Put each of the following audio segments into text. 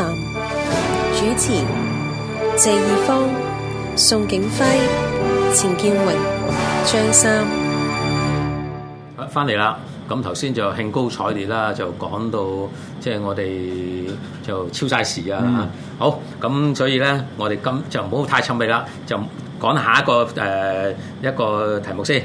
主持謝義方、宋景輝、陳建榮、張三。好，翻嚟啦。咁頭先就興高采烈啦，就講到即係我哋就超晒時啊。好，咁所以咧，我哋今就唔好太沉悶啦，就講下一個誒一個題目先。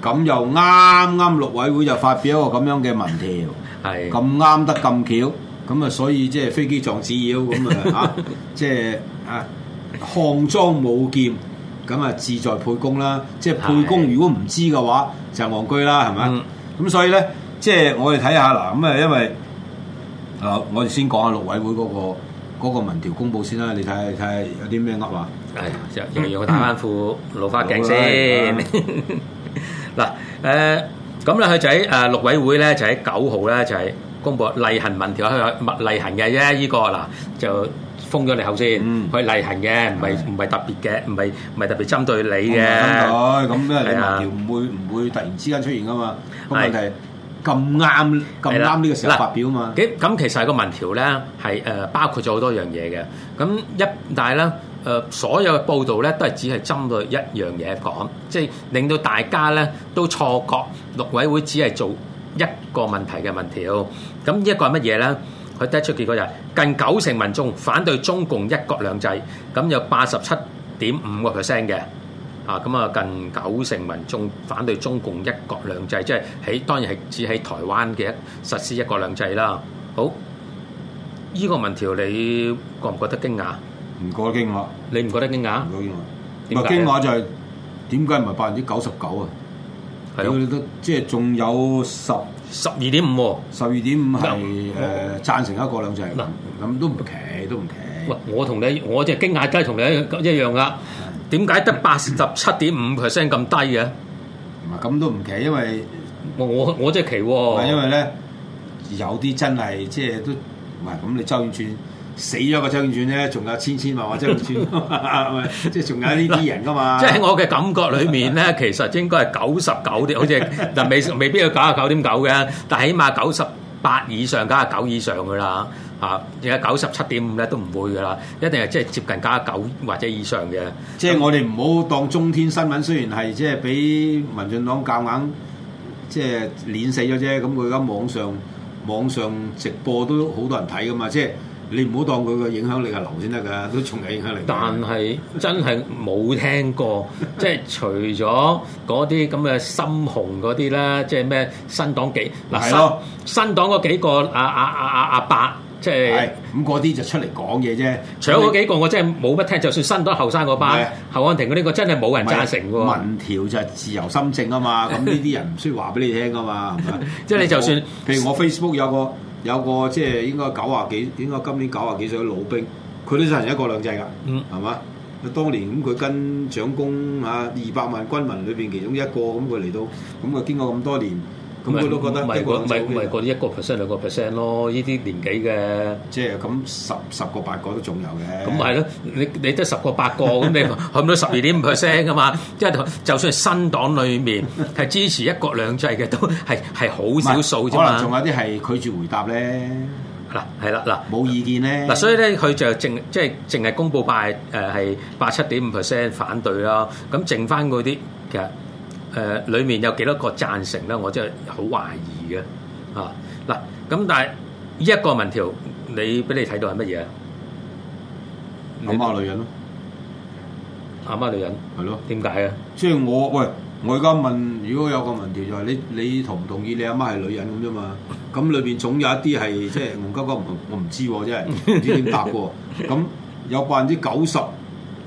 咁又啱啱陸委會就發表一個咁樣嘅文條，係咁啱得咁巧，咁啊所以即係飛機撞紙鷂咁啊，即、就、係、是、啊項莊舞劍，咁啊志在沛公啦。即係沛公的如果唔知嘅話，就戇居啦，係咪？咁、嗯、所以咧，即、就、係、是、我哋睇下嗱，咁啊因為啊，我哋先講下陸委會嗰、那個、那個文條公布先啦，你睇下，睇下有啲咩話？係、嗯，又要我打翻副老花鏡先。 嗱，誒，咁咧佢就喺誒六委會咧，就喺九號咧，就係公布例行文條，佢係例行嘅啫。依個嗱就封咗你口先，佢例行嘅，唔係唔係特別嘅，唔係唔係特別針對你嘅。針對咁因為你文條唔會唔會突然之間出現㗎嘛，咁問題係咁啱咁啱呢個時候發表啊嘛。咁其實係個文條咧係誒包括咗好多樣嘢嘅，咁一但咧。誒所有報道咧都係只係針對一樣嘢講，即係令到大家咧都錯覺陸委會只係做一個問題嘅民調。咁呢一個係乜嘢咧？佢得出結果就係近九成民眾反對中共一國兩制，咁有八十七點五個 percent 嘅啊。咁啊，近九成民眾反對中共一國兩制，即係喺當然係只喺台灣嘅實施一國兩制啦。好，呢個民調你覺唔覺得驚訝？唔過得驚訝，你唔覺得驚訝？唔過驚訝，唔係驚訝就係點解唔係百分之九十九啊？係咯，即係仲有十十二點五，十二點五係誒贊成一國兩制嗱，咁都唔奇，都唔奇。喂，我同你，我即係驚訝，即係同你一樣一樣噶。點解得八十七點五 percent 咁低嘅？唔係咁都唔奇，因為我我我真係奇喎，因為咧有啲真係即係都唔係咁，你周轉轉。死咗個將軍咧，仲有千千萬萬個將軍，即係仲有呢啲人噶嘛？ 即係我嘅感覺裏面咧，其實應該係九十九啲， 好似但未未必有九啊九點九嘅，但係起碼九十八以上九啊九以上噶啦嚇，而家九十七點五咧都唔會噶啦，一定係即係接近九啊九或者以上嘅。即係我哋唔好當中天新聞，雖然係即係俾民進黨夾硬，硬即係碾死咗啫，咁佢而家網上網上直播都好多人睇噶嘛，即係。你唔好當佢個影響力係流先得㗎，都重有影響力。 但係真係冇聽過，即係除咗嗰啲咁嘅深紅嗰啲啦，即係咩新黨幾嗱係咯？的新黨嗰幾個阿阿阿阿阿伯，即係咁嗰啲就出嚟講嘢啫。除咗嗰幾個，我真係冇乜聽。就算新黨後生嗰班，侯是安庭嗰啲，我真係冇人贊成。民調就係自由心證啊嘛，咁呢啲人唔需要話俾你聽啊嘛，係咪 是？即係你就算，譬如我 Facebook 有個。有個即係應該九啊幾，應該今年九啊幾歲嘅老兵，佢都真係一國兩制噶。㗎、嗯，係嘛？當年咁佢跟蔣公啊，二百萬軍民裏邊其中一個咁佢嚟到，咁佢經過咁多年。咁佢都覺得唔係，唔係，唔係嗰啲一個 percent 兩個 percent 咯。呢啲年紀嘅，即係咁十十個八個都仲有嘅。咁係咯，你你得十個八個，咁你去到十二點五 percent 㗎嘛？即係就算係新黨裏面係支持一國兩制嘅，都係係好少數啫嘛。可能仲有啲係拒絕回答咧。嗱係啦，嗱冇意見咧。嗱所以咧，佢就淨即係淨係公布八誒係八七點五 percent 反對啦。咁剩翻嗰啲其實。誒，裏面有幾多個贊成咧？我真係好懷疑嘅，啊，啊嗱，咁但係呢一個問條，你俾你睇到係乜嘢？阿媽女人咯，阿媽女人係咯，點解啊？即係我喂，我而家問，如果有個問條就係你，你同唔同意你阿媽係女人咁啫嘛？咁裏邊總有一啲係即係吳吉吉唔，我唔知喎，真係唔知點答喎。咁有百分之九十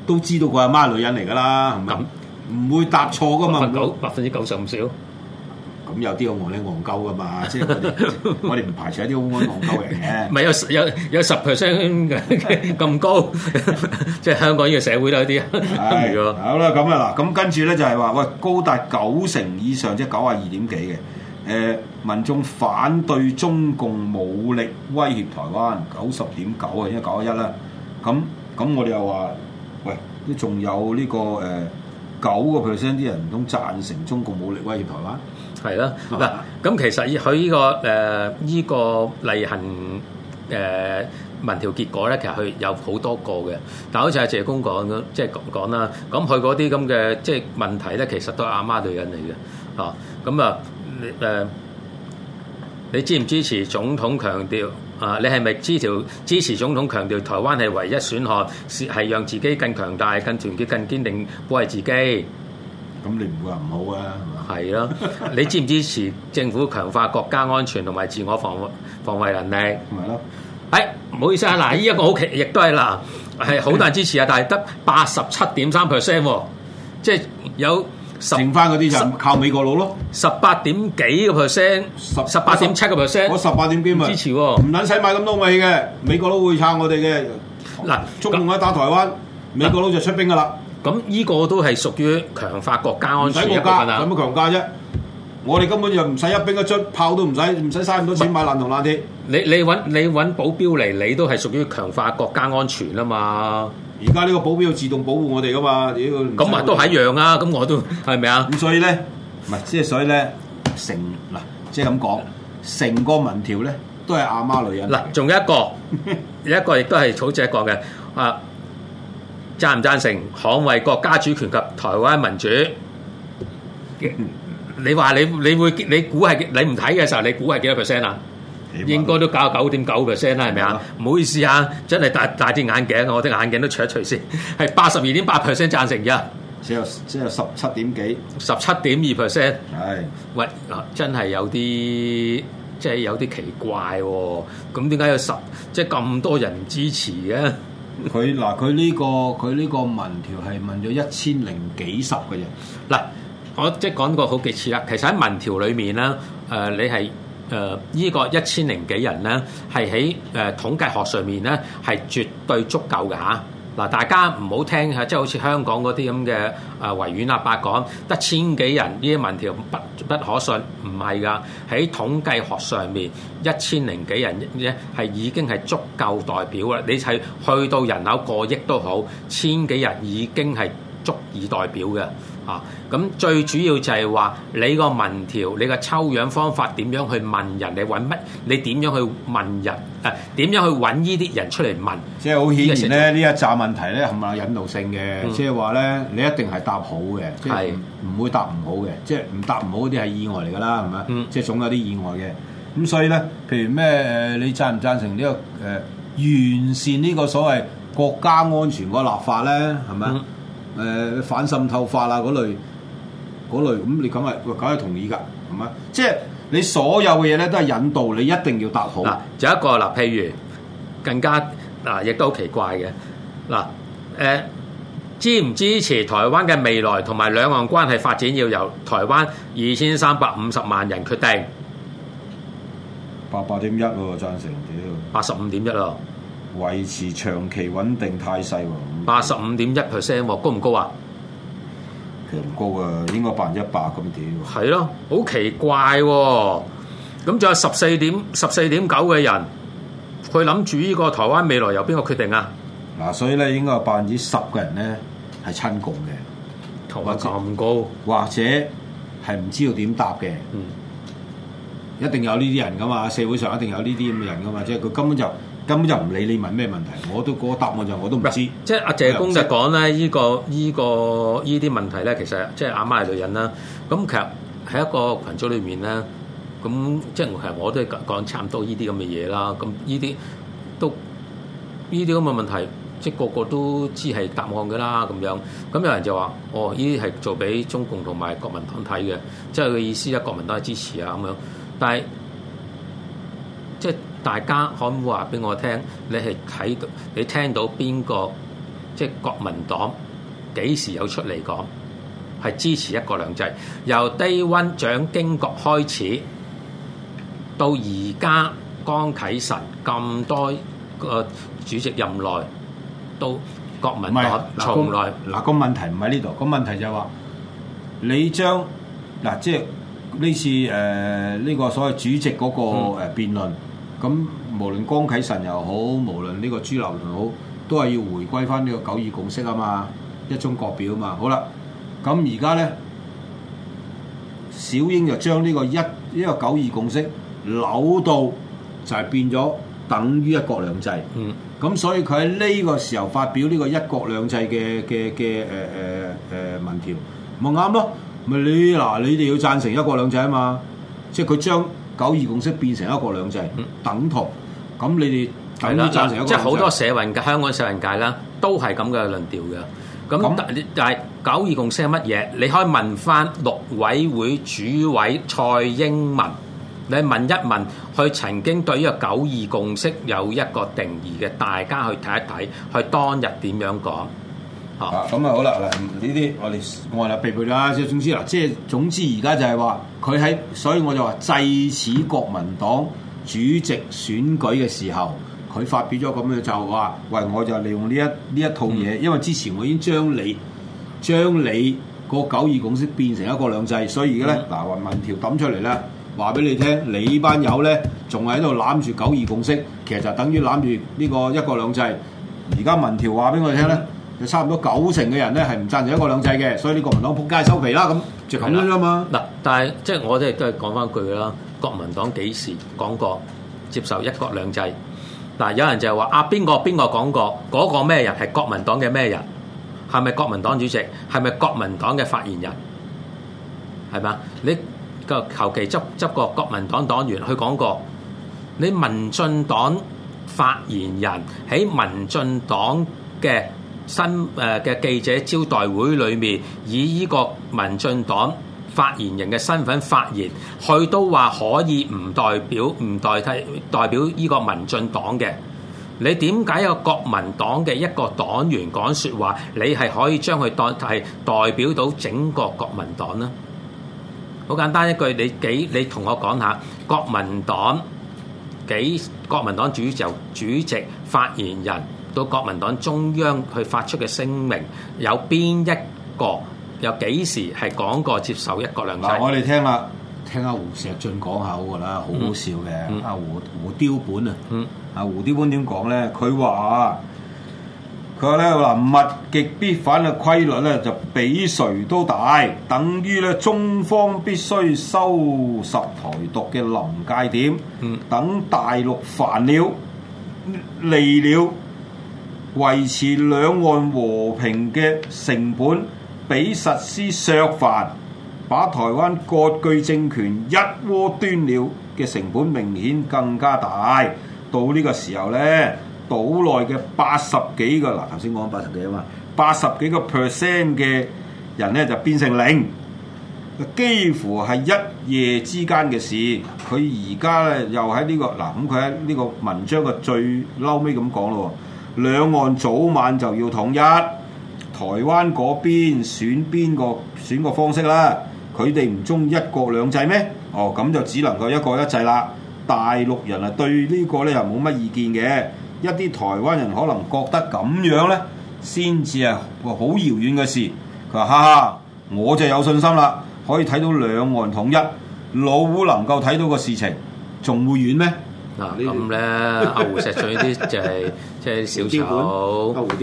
都知道佢阿媽女人嚟噶啦，係咪？嗯唔會答錯噶嘛？百分之九十唔少，咁有啲好戇呢戇鳩噶嘛？ 即係我哋唔排除一啲好戇鳩人嘅。唔係 有有有十 percent 咁高， 即係香港呢個社會都有啲。係 啊是， 好啦，咁啊嗱，咁跟住咧就係話，喂，高達九成以上，即係九啊二點幾嘅，誒、呃，民眾反對中共武力威脅台灣，九十點九啊，因為九啊一啦。咁咁我哋又話，喂，都仲有呢、呢個誒。九個 percent 啲人唔通贊成中共武力威脅台灣？係啦的，嗱、啊，咁其實佢呢、這個誒依、呃這個例行誒民、呃、調結果咧，其實佢有好多個嘅。但好似阿謝公講、就是就是，即係講啦，咁佢嗰啲咁嘅即係問題咧，其實都係阿媽女人嚟嘅。哦，咁啊，誒、呃，你支唔支持總統強調？啊！你係咪支持支持總統強調台灣係唯一選項，是係讓自己更強大、更團結、更堅定，保衞自己？咁你唔會話唔好啊？係嘛、啊？係咯， 你支唔支持政府強化國家安全同埋自我防防衞能力？咪咯是、哎？誒，唔好意思啊，嗱，呢一個好奇，亦都係啦，係好多人支持啊，但係得八十七點三 percent，即係有。剩翻嗰啲就靠美國佬咯，十八點幾個 percent，十十八點七個 percent，我十八點幾啊？支持喎，唔撚使買咁多米嘅，美國佬會撐我哋嘅。嗱，中共一打台灣，美國佬就出兵噶啦。咁呢個都係屬於強化國家安全一部分啊。有乜強加啫？我哋根本就唔使一兵一卒，炮都唔使，唔使嘥咁多錢買爛銅爛鐵。你你揾你揾保鏢嚟，你都係屬於強化國家安全啊嘛。而家呢個保鏢要自動保護我哋噶嘛？妖咁啊，都係一樣啊！咁我都係咪啊？咁所以咧，唔係即係所以咧，成嗱即係咁講，成個民調咧都係阿媽女人嗱，仲有一個，有一個亦都係草紙一個嘅啊，贊唔贊成捍衛國家主權及台灣民主？你話你你會你估係你唔睇嘅時候，你估係幾多 percent 啊？應該都搞九點九 percent 啦，係咪啊？唔好意思啊，真係戴戴隻眼鏡，我隻眼鏡都除一除先。係八十二點八 percent 贊成咋，只有只有十七點幾，十七點二 percent。係喂，嗱，真係有啲即係有啲奇怪喎。咁點解有十即係咁多人支持嘅？佢嗱，佢呢個佢呢個民調係問咗一千零幾十個人。嗱，我即係講過好幾次啦。其實喺民調裏面咧，誒，你係。誒依、呃這個一千零幾人咧，係喺誒統計學上面咧係絕對足夠嘅嚇。嗱、啊，大家唔、就是、好聽嚇，即係好似香港嗰啲咁嘅誒維園阿伯講得千幾人呢啲民調不不，可信，唔係㗎。喺統計學上面，一千零幾人咧係已經係足夠代表啦。你係去到人口過億都好，千幾人已經係足以代表嘅。啊，咁最主要就係話你個民調，你個抽樣方法點樣去問人？你揾乜？你點樣去問人？誒、啊，點樣去揾呢啲人出嚟問？即係好顯然咧，呢一紮問題咧係咪有引導性嘅？嗯、即係話咧，你一定係答好嘅、嗯，即係唔會答唔好嘅，即係唔答唔好啲係意外嚟㗎啦，係咪？嗯、即係總有啲意外嘅。咁所以咧，譬如咩你贊唔贊成呢、呢個誒、呃、完善呢個所謂國家安全嗰個立法咧？係咪？嗯誒、呃、反滲透法啦嗰類嗰類，咁你咁咪，梗係同意㗎，係嘛？即係你所有嘅嘢咧，都係引導你一定要達好。嗱，有一個啦，譬如更加嗱，亦都好奇怪嘅嗱，誒支唔支持台灣嘅未來同埋兩岸關係發展，要由台灣二千三百五十萬人決定？八八點一喎，贊成屌，八十五點一咯。維持長期穩定態勢，八十五點一 percent 高唔、哦、高，高啊？其實唔高啊，應該百分之一百咁點。係咯，好奇怪喎！咁仲有十四點十四點九嘅人佢諗住呢個台灣未來由邊個決定啊？嗱，所以咧應該有百分之十嘅人咧係親共嘅，頭髮咁高或，或者係唔知道點答嘅，嗯，一定有呢啲人噶嘛，社會上一定有呢啲咁嘅人噶嘛，即係佢根本就。根本就唔理你問咩問題，我都嗰個答案就我都唔知。即係阿謝公就講咧，呢個呢個呢啲問題咧，其實即係阿媽係女人啦。咁其實喺一個群組裏面咧，咁即係其實我都講差唔多呢啲咁嘅嘢啦。咁呢啲都呢啲咁嘅問題，即係個個都知係答案嘅啦。咁樣咁有人就話：哦，呢啲係做俾中共同埋國民黨睇嘅，即係佢意思咧，國民黨支持啊咁樣。但係大家可唔可以話俾我聽？你係睇到你聽到邊個即係國民黨幾時有出嚟講係支持一國兩制？由 Day one 蔣經國開始，到而家江啟臣咁多個、呃、主席任內，到國民黨從來嗱、啊嗰個嗰個問題唔喺呢度，嗰個問題就係、是、話你將嗱即係呢次誒呢個所謂主席嗰個誒辯論。嗯咁無論江啟臣又好，無論呢個朱立倫都好，都係要回歸返呢個九二共識啊嘛，一中各表啊嘛。好啦，咁而家咧，小英就將呢個一呢、呢個九二共識扭到，就係、是、變咗等於一國兩制。嗯，咁所以佢喺呢個時候發表呢個一國兩制嘅嘅嘅誒誒誒民調，咪啱咯？咪你嗱，你哋要贊成一國兩制啊嘛，即係佢將。九二共識變成一國兩制，嗯、等同咁你哋，即係好多社運嘅香港社運界啦，都係咁嘅論調嘅。咁樣但係九二共識係乜嘢？你可以問翻陸委會主委蔡英文，你問一問佢曾經對於九二共識有一個定義嘅，大家去睇一睇佢當日點樣講。咁啊、嗯啊嗯、好啦嗱，呢啲我哋我係啦避開啦。即、嗯、總之嗱，即總之而家就係話佢喺，所以我就話制止國民黨主席選舉嘅時候，佢發表咗咁嘅就係話喂，我就利用呢一呢一套嘢，嗯、因為之前我已經將你將你個九二共識變成一國兩制，所以而家咧嗱，民調抌出嚟咧，話俾你聽，你班友咧仲係喺度攬住九二共識，其實就等於攬住呢個一國兩制。而家民調話俾我哋聽咧。嗯差唔多九成嘅人咧，係唔贊成一國兩制嘅，所以呢國民黨撲街收皮啦咁，就咁樣啫嘛。嗱，但係即係我哋都係講翻一句啦，國民黨幾時講過接受一國兩制？嗱，有人就係話啊，邊個邊個講過？嗰個咩人係國民黨嘅咩人？係咪國民黨主席？係咪國民黨嘅發言人？係嘛？你個求其執執個國民黨黨員去講過？你民進黨發言人喺民進黨嘅？新誒嘅記者招待會裏面，以呢個民進黨發言人嘅身份發言，佢都話可以唔代表、唔代替、代表呢個民進黨嘅。你點解有國民黨嘅一個黨員講説話，你係可以將佢代替代表到整個國民黨呢？好簡單一句，你幾你同我講下國民黨幾國民黨主席、主席發言人。到國民黨中央去發出嘅聲明，有邊一個有幾時係講過接受一國兩制？嗱，我哋聽下聽下胡錫進講下好噶啦，好好笑嘅。阿胡胡叼盤啊，阿胡叼盤點講咧？佢話佢咧話物極必反嘅規律咧就比誰都大，等於咧中方必須收拾台獨嘅臨界點，等大陸煩了嚟了，維持兩岸和平嘅成本，比實施削藩把台灣割據政權一鍋端了嘅成本明顯更加大。到呢個時候呢，島內嘅八十幾個，嗱頭先講八十幾啊嘛，八十幾個 percent 嘅人呢就變成零，啊幾乎係一夜之間嘅事。佢而家咧又喺呢、這個嗱，咁佢喺呢個文章嘅最嬲尾咁講咯。兩岸早晚就要統一，台灣嗰邊選邊個選個方式啦，佢哋唔中意一國兩制咩？哦，咁就只能夠一國一制啦。大陸人啊對呢個咧又冇乜意見嘅，一啲台灣人可能覺得咁樣咧先至係好遙遠嘅事。佢話：哈哈，我就有信心啦，可以睇到兩岸統一，老虎能夠睇到個事情，仲會遠咩？咁、啊、呢，阿 胡錫進呢啲就係即係小丑，嗱，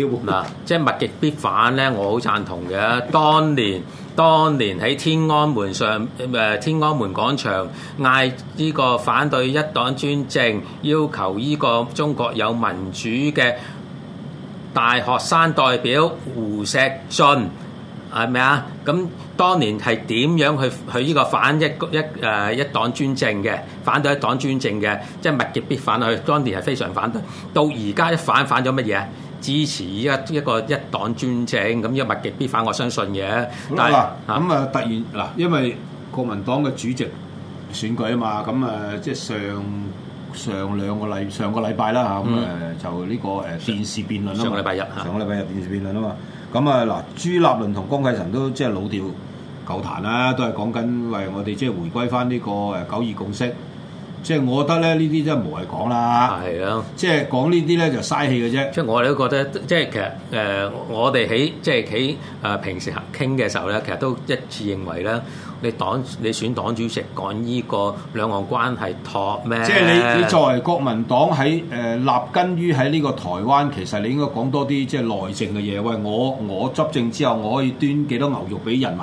即係物極必反呢，我好贊同嘅。當年，當年喺天安門上誒、呃、天安門廣場嗌呢個反對一黨專政，要求呢個中國有民主嘅大學生代表胡錫進。係咪啊？咁當年係點樣去去依個反一一誒一黨專政嘅，反對一黨專政嘅，即係物極必反去，佢當年係非常反對。到而家一反反咗乜嘢？支持依家一個一黨專政，咁依個物極必反，我相信嘅。的但啊，咁啊突然嗱、啊，因為國民黨嘅主席選舉啊嘛，咁啊，啊即係上上兩個禮上個禮拜啦嚇，咁誒、嗯啊、就呢、呢個誒、啊、電視辯論啦。上，啊、上個禮拜日，上個禮拜日電視辯論啊嘛。啊咁啊嗱，朱立倫同江啟臣都即係老調舊彈啦，都係講緊為我哋即係回歸返呢個誒九二共識。即係我覺得咧，呢啲真係無謂講啦。係咯的，即係講呢啲咧就嘥氣嘅啫。即係我哋都覺得，即係其實誒、呃，我哋喺即係喺誒平時傾嘅時候咧，其實都一致認為咧。你黨你選黨主席講呢個兩岸關係託咩？即係你你作為國民黨喺誒、呃、立根於喺呢個台灣，其實你應該講多啲即係內政嘅嘢。喂，我我執政之後我可以端幾多牛肉俾人民，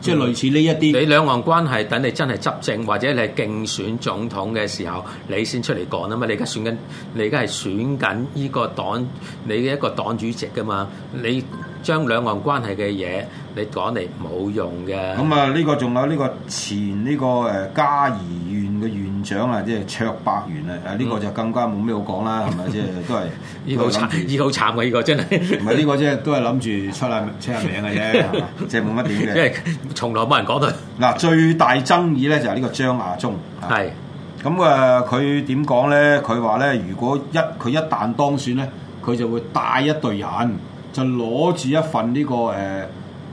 即係類似呢一啲。你兩岸關係等你真係執政或者你係競選總統嘅時候，你先出嚟講啊嘛！你而家選緊，你而家係選緊呢個黨，你嘅一個黨主席㗎嘛？你。將兩岸關係嘅嘢你講嚟冇用嘅。咁啊，呢、這個仲有呢個前呢、這個誒嘉義縣嘅院長啊，即係卓伯源啊，誒呢、嗯、個就更加冇咩好講啦，係咪即係都係？呢 個好慘，依個好慘嘅依個真係。 唔係呢個即、就、係、是、都係諗住出啊出下名嘅啫，即係冇乜點嘅。即係 從來冇人講到。嗱，最大爭議咧就係呢個張亞中。係的。咁啊，佢點講咧？佢話咧，如果一佢一,一旦當選咧，佢就會帶一隊人。就攞住一份呢、這個誒、呃、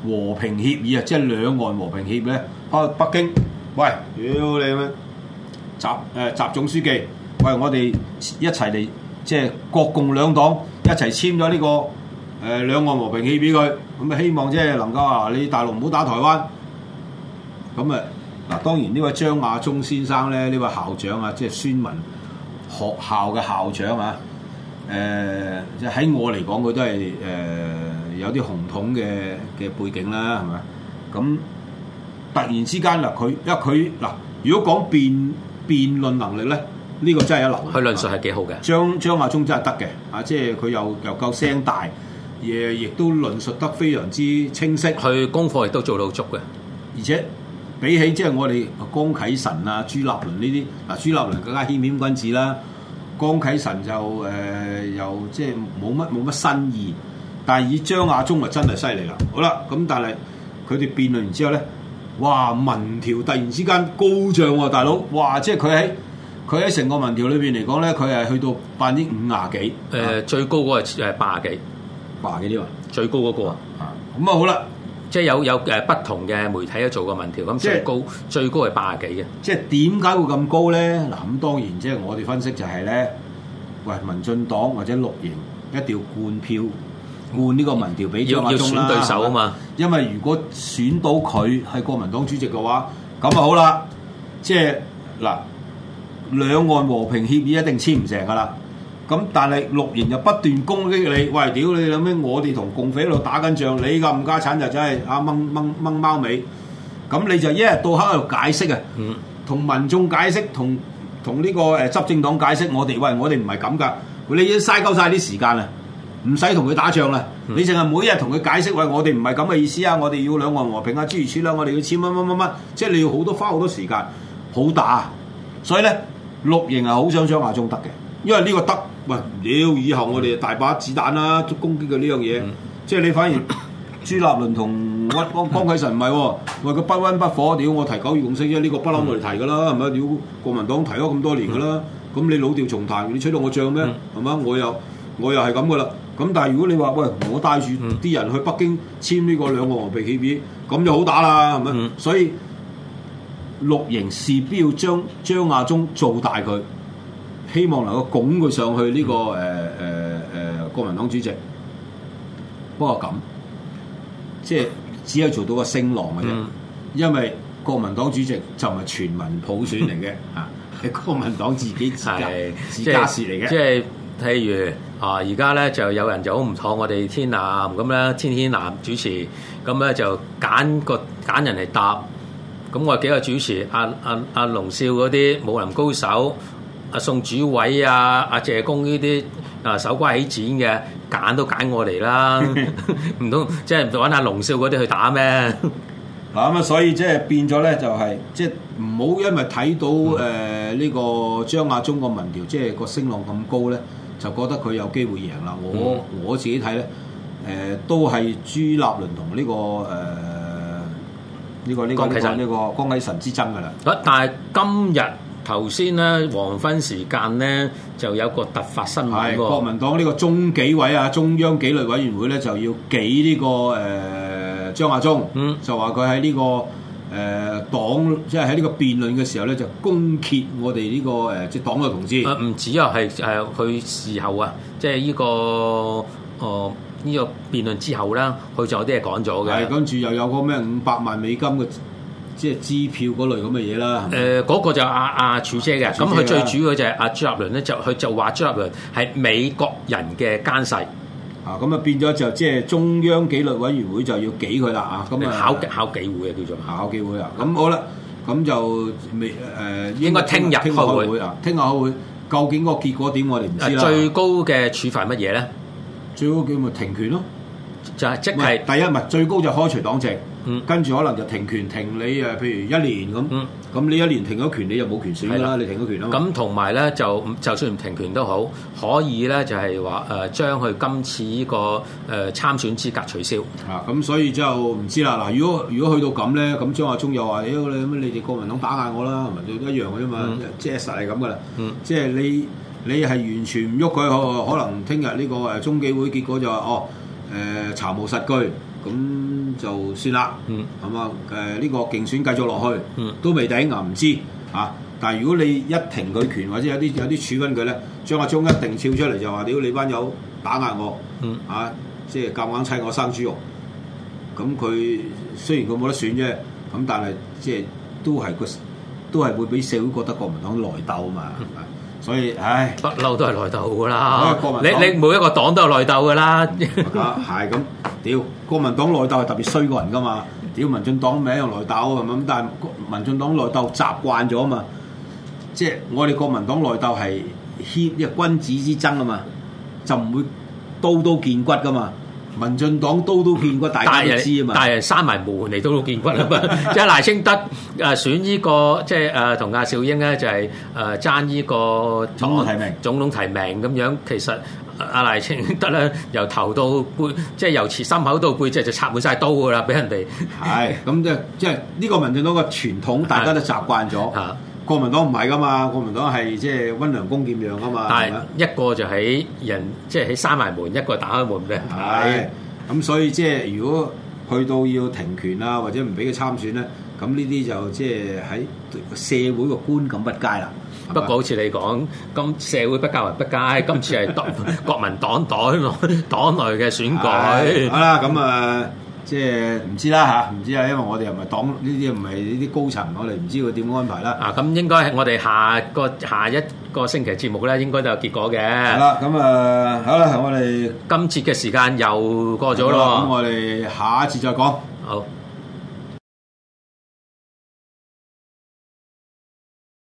和平協議啊，即係兩岸和平協議咧啊！北京，喂，屌你咩？習誒習總書記，喂，我哋一齊嚟，即係國共兩黨一齊簽咗呢個誒兩、呃、岸和平協議畀佢，咁、嗯、啊希望即係能夠啊，你大陸唔好打台灣。咁啊，嗱當然呢位張亞中先生咧，呢位校長啊，即係孫文學校嘅校長啊。誒、呃、即喺我嚟講，佢都係誒、呃、有啲紅統嘅嘅背景啦，係嘛？咁突然之間啦，佢因為佢嗱，如果講辯辯論能力咧，呢、這個真係一流。佢論述係幾好嘅、啊。張張亞中真係得嘅，啊，即係佢又又夠聲大，也亦都論述得非常之清晰。佢功課亦都做到足嘅，而且比起即係我哋江啟臣啊、朱立倫呢啲嗱，朱立倫更加謙謙君子啦。江啟臣就誒、呃、又即係冇乜冇乜新意，但係以張亞中啊真係犀利啦！好啦，咁但係佢哋辯論完之後咧，哇民調突然之間高漲喎、啊，大佬，哇即係佢喺佢喺成個民調裏邊嚟講咧，佢係去到百分之五廿幾，誒、呃啊、最高嗰個誒八廿幾，八廿幾啲喎，最高嗰個啊，咁啊好啦。即係有有誒不同嘅媒體都做過民調，咁最高即是最高係八十幾嘅。即係點解會咁高咧？嗱，咁當然即係我哋分析就係、是、咧，喂，民進黨或者綠營一定要換票換呢個民調，畀張亞中嘛！因為如果選到佢係國民黨主席嘅話，咁啊好啦，即係嗱，兩岸和平協議一定簽唔成噶啦。咁但係綠營就不斷攻擊你，喂，屌，你諗咩？我哋同共匪喺度打緊仗，你個冚家鏟就真、是、係啊掹掹掹貓尾，咁你就一日到黑喺度解釋啊，同、嗯、民眾解釋，同同呢個誒執政黨解釋我，我哋喂我哋唔係咁噶，你已經嘥鳩晒啲時間啦，唔使同佢打仗啦，你淨係每日同佢解釋喂，我哋唔係咁嘅意思啊，我哋要兩岸和平啊，諸如此類，我哋要簽乜乜乜乜，即、就、係、是、你要好多花好多時間，好打，所以咧綠營係好想張亞中得嘅，因為呢個得。喂，屌！以後我哋大把子彈啦、啊，攻擊佢呢樣嘢。嗯、即係你反而朱立倫同屈江江啟臣唔係喎，佢不溫不火。屌，我提九二共識啫，呢、這個不嬲我嚟提噶啦，係咪？屌，國民黨提咗咁多年噶啦，咁、嗯、你老調重彈，你吹到我漲咩？係咪？我又我又係咁噶啦。咁但係如果你話喂，我帶住啲人去北京簽呢個兩岸和平協議，咁就好打啦，係咪？所以綠營事必要將張亞中做大佢。希望能夠拱佢上去呢、這個誒誒誒國民黨主席，不過咁，即、就、係、是、只有做到個聲浪嘅啫。嗯、因為國民黨主席就唔係全民普選嚟嘅，嚇係、嗯、國民黨自己自家是自家事嚟嘅。即係譬如啊，而家咧就有人就好唔妥我哋天南咁咧，天天南主持咁咧就揀個揀人嚟答。咁我幾個主持阿阿阿龍少嗰啲武林高手。阿、啊、宋主委啊，阿、啊、謝公呢啲啊手瓜起錢嘅揀都揀我嚟啦，唔通即係揾阿龍少嗰啲去打咩？嗱咁 啊，所以即係變咗咧、就是，就係即係唔好因為睇到誒呢、嗯呃這個張亞中個民調即係、就是、個聲浪咁高咧，就覺得佢有機會贏啦。我、嗯、我自己睇咧，誒、呃、都係朱立倫同呢、這個誒呢、呃這個呢、這個其、這個呢個江啟臣之爭噶啦。了但係今日。頭先咧，黃昏時間咧，就有個突發新聞喎。係國民黨呢個中紀委啊，中央紀律委員會咧就要記呢、這個誒張亞中，嗯、就話佢喺呢個誒黨，即係喺呢個辯論嘅時候咧，就攻訐我哋呢、這個誒、呃、即係黨嘅同志。唔止啊，係誒佢事後啊，即係呢個誒呢、呃這個辯論之後啦，佢就有啲嘢講咗嘅。係跟住又有嗰咩五百萬美金嘅。即係支票嗰類咁嘅嘢啦。誒、呃，嗰、那個就阿阿、啊啊、柱姐嘅。咁佢、啊、最主要就係阿、啊、朱立倫咧，就佢就話朱立倫係美國人嘅奸細。啊，咁啊變咗就即係中央紀律委員會就要紀佢啦。啊，咁考考紀會啊，叫做考紀會啊。咁、啊、好啦，咁就未誒、呃，應該聽日開會啊。聽日開會，究竟個結果點我哋唔知啦。最高嘅處罰乜嘢咧？最高嘅咪停權咯。就係、係、即係第一唔係最高就開除黨籍，嗯、跟住可能就停權停你誒，譬如一年咁咁、嗯、你一年停咗權，你又冇權選啦的，你停咗權啦。咁同埋咧就就算唔停權都好，可以咧就係話誒將佢今次呢、呢個誒、呃、參選資格取消啊。咁、嗯嗯嗯、所以就唔知啦嗱。如果如果去到咁咧，咁張亞忠又話：屌你咁，你哋國民黨打壓我啦，咪都一樣嘅啫嘛，即係實係咁噶啦。即係你你係完全唔喐佢，可能聽日呢個誒中紀會結果就話哦。哦哦哦哦哦哦哦哦誒查無實據，咁就算啦。嗯，係嘛、嗯？誒呢個競選繼續落去，嗯，都未頂，我唔知嚇、啊。但係如果你一停佢權，或者有啲有啲處分佢咧，張亞中一定跳出嚟就話：屌你班友打壓我，嗯啊我，啊，即係夾硬砌我生豬肉。咁佢雖然佢冇得選啫，咁但係即係都係個都係會俾社會覺得國民黨內鬥嘛。嗯。所以，唉，不嬲都係內鬥噶啦。國民你你每一個黨都有內鬥噶啦。係咁，屌國民黨內鬥係特別衰過人噶嘛？屌民進黨咪一樣內鬥，咁但係民進黨內鬥習慣咗啊嘛。即係我哋國民黨內鬥係牽，一君子之爭啊嘛，就唔會刀刀見骨噶嘛。民進黨刀都見骨，大家知啊嘛大！大人閂埋門嚟刀都見骨啊 即係賴清德誒選呢、這個即係誒同阿小英咧就係、是、誒、呃、爭呢個總,總統提名，總統提名咁樣，其實阿、啊、賴清德咧由頭到背，即係由前心口到背脊，就插滿晒刀噶啦，俾人哋。係咁即係即係呢個民進黨嘅傳統，大家都習慣咗。 國民黨唔係噶嘛，國民黨係即係温良恭儉讓噶嘛。但係一個就喺人，吧即係喺閂埋門，一個打開門嘅。係，咁所以即係如果去到要停權啊，或者唔俾佢參選咧，咁呢啲就即係喺社會個觀感不佳啦。不過好似你講，今社會不教為不佳，今次係國民黨 國民黨，黨內黨內嘅選舉。係啦，咁啊。即係唔知啦吓，唔、啊、知啊，因為我哋又唔係黨呢啲，唔係呢啲高層，我哋唔知佢點安排啦。啊，咁、嗯、應該係我哋下個下一個星期節目咧，應該都有結果嘅。係啦、嗯，咁、嗯、啊，好、嗯、啦、嗯嗯，我哋今次嘅時間又過咗咯、嗯嗯嗯嗯。咁我哋下一次再講。好。